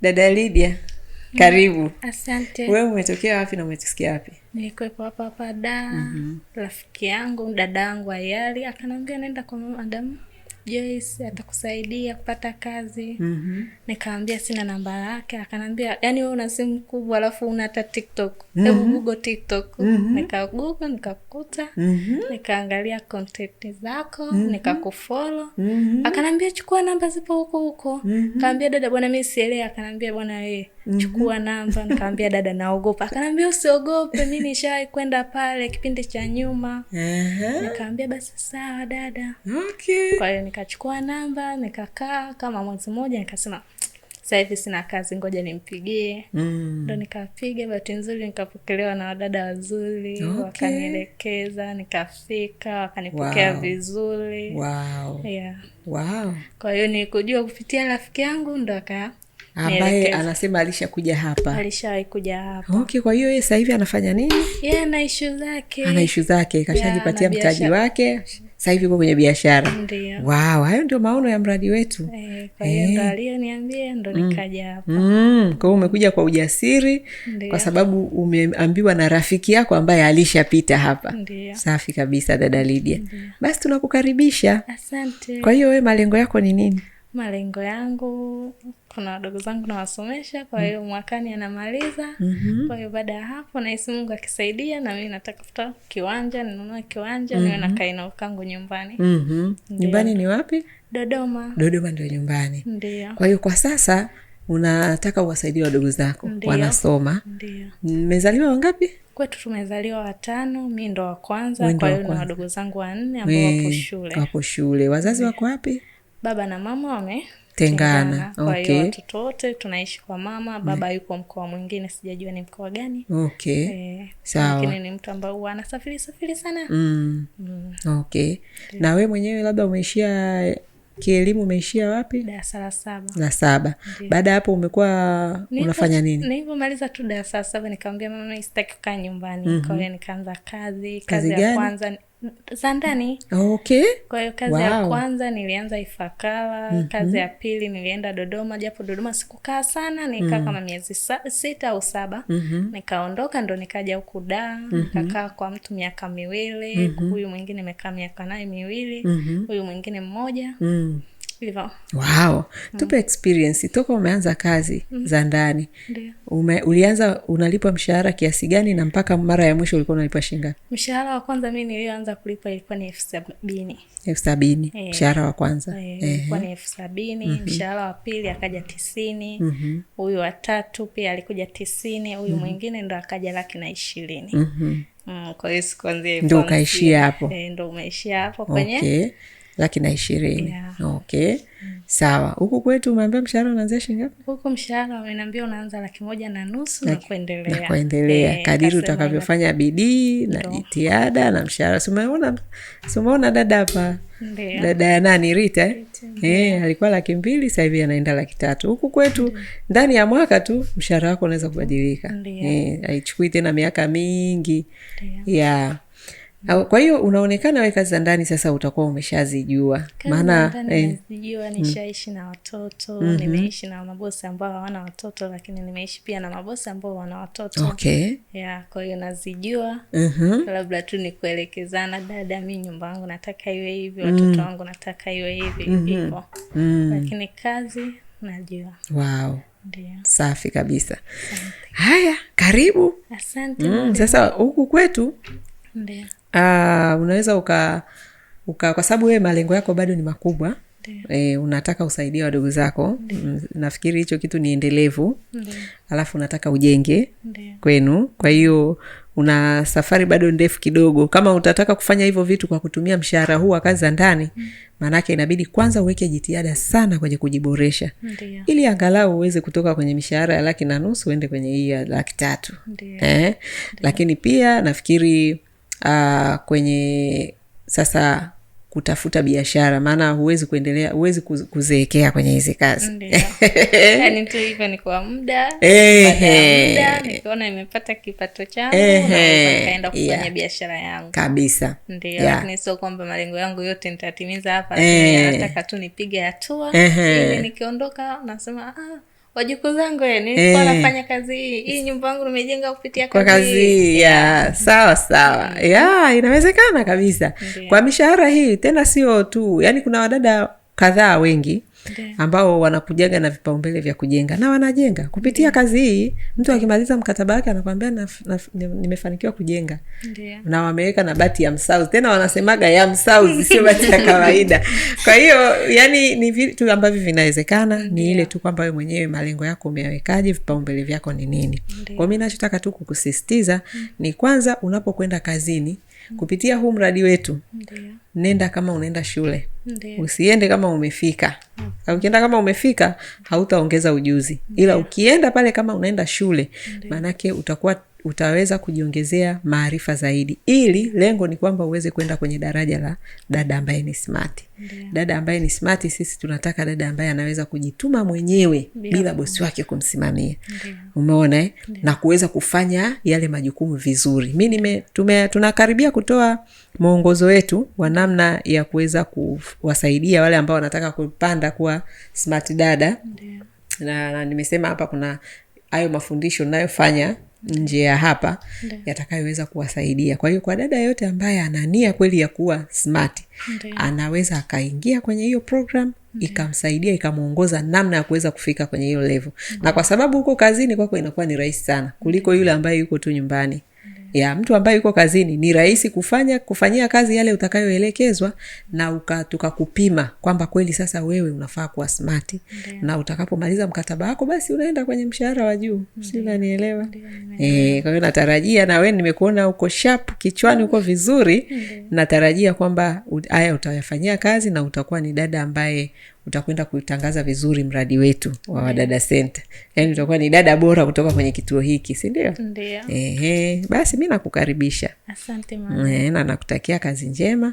Dada lidia karibu. Mm, asante. Wewe umetokea wapi na umetusikia wapi? Nilikuwepo hapa hapa da. mm -hmm. Rafiki yangu dada yangu ayali akanaambia naenda kwa madamu Joyce atakusaidia kupata kazi. mm -hmm. Nikamwambia sina namba yake, akanambia yani wewe una simu kubwa alafu una hata TikTok. mm -hmm. Hebu google TikTok. mm -hmm. Nikaguga nikakuta. mm -hmm. Nikaangalia content zako. mm -hmm. Nikakufollow. mm -hmm. Akanambia chukua namba zipo huko huko. mm -hmm. Kaambia dada, bwana mimi sielewi. Akanambia bwana wewe mhm. chukua namba. Nikamwambia dada, naogopa. Akanambia usiogope, mimi nishawahi kwenda pale kipindi cha nyuma. uh -huh. Nikamwambia basi sawa dada. okay. Kwa hiyo nikachukua namba nikakaa kama mwezi mmoja, nikasema sahivi sina kazi, ngoja nimpigie. Mm. Ndo nikapiga, bahati nzuri nikapokelewa na wadada wazuri. Okay. Wakanielekeza, nikafika, wakanipokea wow. vizuri wow. Yeah. Wow. Kwa hiyo nikujua kupitia rafiki yangu ndo aka ambaye anasema alishakuja hapa, alishawai kuja hapa. Okay, kwa hiyo ye sahivi anafanya nini? yeah, ana ishu zake, ana ishu zake, kashajipatia mtaji wake sasa hivi uko kwenye biashara. Wow, hayo ndio maono ya mradi wetu e, e. mm. mm. Kwa umekuja kwa ujasiri Ndiyo. Kwa sababu umeambiwa na rafiki yako ambaye alishapita hapa Ndiyo. Safi kabisa dada lidia Basi tunakukaribisha. kwahiyo Kwa hiyo malengo yako ni nini? Malengo yangu kuna wadogo zangu nawasomesha, kwa mm. hiyo mwakani anamaliza. Mm-hmm. Kwa hiyo baada ya hapo nahisi Mungu akisaidia, na mimi natafuta kiwanja, ninunue kiwanja niwe na mm-hmm. ukangu nyumbani. Mm-hmm. Nyumbani ni wapi? Dodoma. Dodoma ndio nyumbani. Ndio. Kwa hiyo kwa sasa unataka uwasaidia wadogo zako wanasoma. Mmezaliwa wangapi? Kwetu tumezaliwa watano, mi ndo wa kwanza, kwa hiyo na wadogo zangu wanne ambao wapo shule. Wapo shule. Wazazi wako wapi? Baba na mama wame tengana. okay. Watoto wote tunaishi kwa mama, baba mm. yuko mkoa mwingine, sijajua ni mkoa gani. Okay. E, sawa. ni mtu ambao huwa anasafiri safiri sana. Mm. Mm. Okay. Na we mwenyewe labda umeishia kielimu umeishia wapi? Darasa la saba. La saba. Baada ya hapo umekuwa unafanya nini? Nilivyomaliza tu darasa la saba nikamwambia mama, sitaki kukaa nyumbani. Mhm. Kwa hiyo nikaanza kazi. Kazi, kazi ya kwanza za ndani okay. Kwa hiyo kazi wow. ya kwanza nilianza ifakala mm-hmm. Kazi ya pili nilienda Dodoma, japo Dodoma sikukaa sana, nikaa mm-hmm. kama miezi sita au saba mm-hmm. nikaondoka, ndo nikaja huku Dar mm-hmm. nikakaa kwa mtu miaka miwili mm-hmm. huyu mwingine imekaa miaka naye miwili mm-hmm. huyu mwingine mmoja mm-hmm hivyo wow mm. tupe experience toka umeanza kazi mm. za ndani ume, ulianza unalipwa mshahara kiasi gani na mpaka mara ya mwisho ulikuwa unalipa shingapi mshahara wa kwanza mi niliyoanza kulipa ilikuwa ni elfu sabini elfu sabini e. mshahara wa kwanza e. e. ni elfu sabini mm-hmm. mshahara wa pili akaja tisini mhm. huyu mm-hmm. watatu pia alikuja tisini huyu mm-hmm. mwingine ndo akaja laki na ishirini mm-hmm. mm, kwa hiyo sikuanzia ndo ukaishia hapo e, eh, ndo umeishia hapo kwenye okay laki na ishirini yeah. Okay, mm. Sawa, huku kwetu umeambia mshahara unaanzia shilingi ngapi? Huku mshahara wamenambia unaanza laki moja na nusu na kuendelea, na kuendelea e, kadiri utakavyofanya bidii na jitihada na mshahara. Simeona, simeona dada hapa, dada ya nani Rita, Eh, e, alikuwa laki mbili sasa hivi anaenda laki tatu huku kwetu. Ndani ya mwaka tu mshahara wako unaweza kubadilika, eh, haichukui tena miaka mingi ya kwa hiyo unaonekana weka za ndani sasa utakuwa umeshazijua, maana eh, nazijua. Mm. Nishaishi na watoto, mm -hmm. nimeishi na mabosi ambao hawana watoto, lakini nimeishi pia na mabosi ambao wana watoto. Okay, ya kwa hiyo nazijua. mm -hmm. Labda tu ni kuelekezana, dada, mi nyumba yangu nataka iwe hivi, mm. watoto wangu nataka iwe hivi, hivyo. Mhm. Mm. Lakini kazi najua. Wow. Ndiyo. Safi kabisa. Asante. Haya, karibu. Asante. Mm, sasa huku kwetu Ndiyo. Aa, ah, unaweza uka, uka kwa sababu wewe malengo yako bado ni makubwa E, unataka usaidia wadogo zako. Mm, nafikiri hicho kitu ni endelevu. Alafu unataka ujenge Ndiyo. kwenu, kwa hiyo una safari bado ndefu kidogo. Kama utataka kufanya hivyo vitu kwa kutumia mshahara huu wa kazi za ndani, mm. maanake inabidi kwanza uweke jitihada sana kwenye kujiboresha Ndiyo. ili angalau uweze kutoka kwenye mishahara ya laki na nusu uende kwenye hii ya laki tatu eh? Lakini pia nafikiri uh, kwenye sasa kutafuta biashara, maana huwezi kuendelea, huwezi kuzeekea kwenye hizi kazi yani tu hivyo ni kwa muda, nikiona imepata kipato changu kufanya yeah, biashara yangu kabisa. Ndio yeah, sio kwamba malengo yangu yote nitatimiza hapa, nataka tu nipige hatua ili nikiondoka nasema ah wajukuu zangu nilikuwa eh, nafanya kazi hii hii nyumba yangu nimejenga kupitia kwa kazi hii yeah. yeah. sawa sawa mm. ya yeah, inawezekana kabisa yeah. kwa mishahara hii tena sio tu yani kuna wadada kadhaa wengi yeah. ambao wanakujaga na vipaumbele vya kujenga na wanajenga kupitia yeah. kazi hii. Mtu akimaliza mkataba wake anakwambia nimefanikiwa kujenga yeah. na wameweka na bati ya msauzi, tena wanasemaga ya msauzi, sio bati ya kawaida. Kwa hiyo yani ni vitu ambavyo vinawezekana, ni ile tu kwamba we mwenyewe malengo yako umeyawekaje, vipaumbele vyako ni nini. kwao mi nachotaka tu mm. ni kwanza, unapokwenda kazini kupitia huu mradi wetu Ndia. nenda kama unaenda shule Ndia. usiende kama umefika Ndia. Mm. ukienda kama umefika hautaongeza ujuzi Ndiyo. ila ukienda pale kama unaenda shule maanake utakuwa utaweza kujiongezea maarifa zaidi, ili lengo ni kwamba uweze kwenda kwenye daraja la dada ambaye ni smati Ndiyo. Dada ambaye ni smati sisi tunataka dada ambaye anaweza kujituma mwenyewe Ndiyo. bila bosi wake kumsimamia. Umeona eh? na kuweza kufanya yale majukumu vizuri. Mi nime tunakaribia kutoa mwongozo wetu wa namna ya kuweza kuwasaidia wale ambao wanataka kupanda kuwa smart dada. Ndiyo. Na, na nimesema hapa kuna hayo mafundisho nayofanya nje ya hapa yatakayoweza kuwasaidia. Kwa hiyo kwa dada yote ambaye ana nia kweli ya kuwa smart anaweza akaingia kwenye hiyo program ikamsaidia ikamwongoza namna ya kuweza kufika kwenye hiyo level, na kwa sababu huko kazini kwako kwa inakuwa ni rahisi sana kuliko yule ambaye yuko tu nyumbani ya mtu ambaye yuko kazini ni rahisi kufanya kufanyia kazi yale utakayoelekezwa na uka, tukakupima kwamba kweli sasa wewe unafaa kuwa smati na utakapomaliza mkataba wako basi unaenda kwenye mshahara wa juu sinanielewa e, eh, kwa hiyo natarajia na we nimekuona uko shap kichwani uko vizuri natarajia kwamba haya utayafanyia kazi na utakuwa ni dada ambaye utakwenda kutangaza vizuri mradi wetu wa Wadada Center, yani utakuwa ni dada bora kutoka kwenye kituo hiki, sindio basi mi nakukaribisha. na nakutakia kazi njema.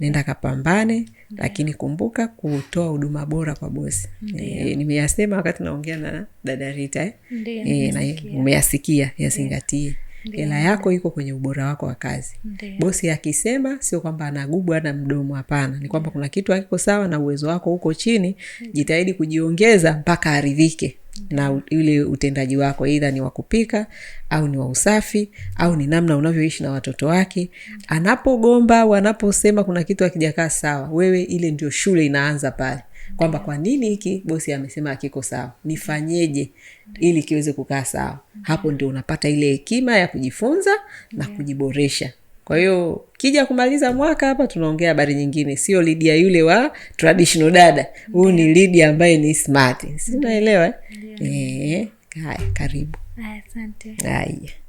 Nenda kapambane. Lakini kumbuka kutoa huduma bora kwa bosi. E, nimeyasema wakati naongea na dada Rita eh? E, umeyasikia, yazingatie hela yako iko kwenye ubora wako wa kazi. Ndiyo. Bosi akisema sio kwamba anagubwa na mdomo, hapana, ni kwamba kuna kitu akiko sawa na uwezo wako huko chini. Jitahidi kujiongeza mpaka aridhike na ule utendaji wako, eidha ni wa kupika au ni wa usafi au ni namna unavyoishi na watoto wake. Anapogomba au anaposema kuna kitu akijakaa sawa, wewe ile ndio shule inaanza pale kwamba kwa nini hiki bosi amesema akiko sawa, nifanyeje ili kiweze kukaa sawa. Hapo ndio unapata ile hekima ya kujifunza na kujiboresha. Kwa hiyo kija kumaliza mwaka hapa, tunaongea habari nyingine, sio Lidia yule wa traditional dada. Huyu ni Lidia ambaye ni smart, sinaelewa mm-hmm. eh? eh. Haya, karibu. Haya.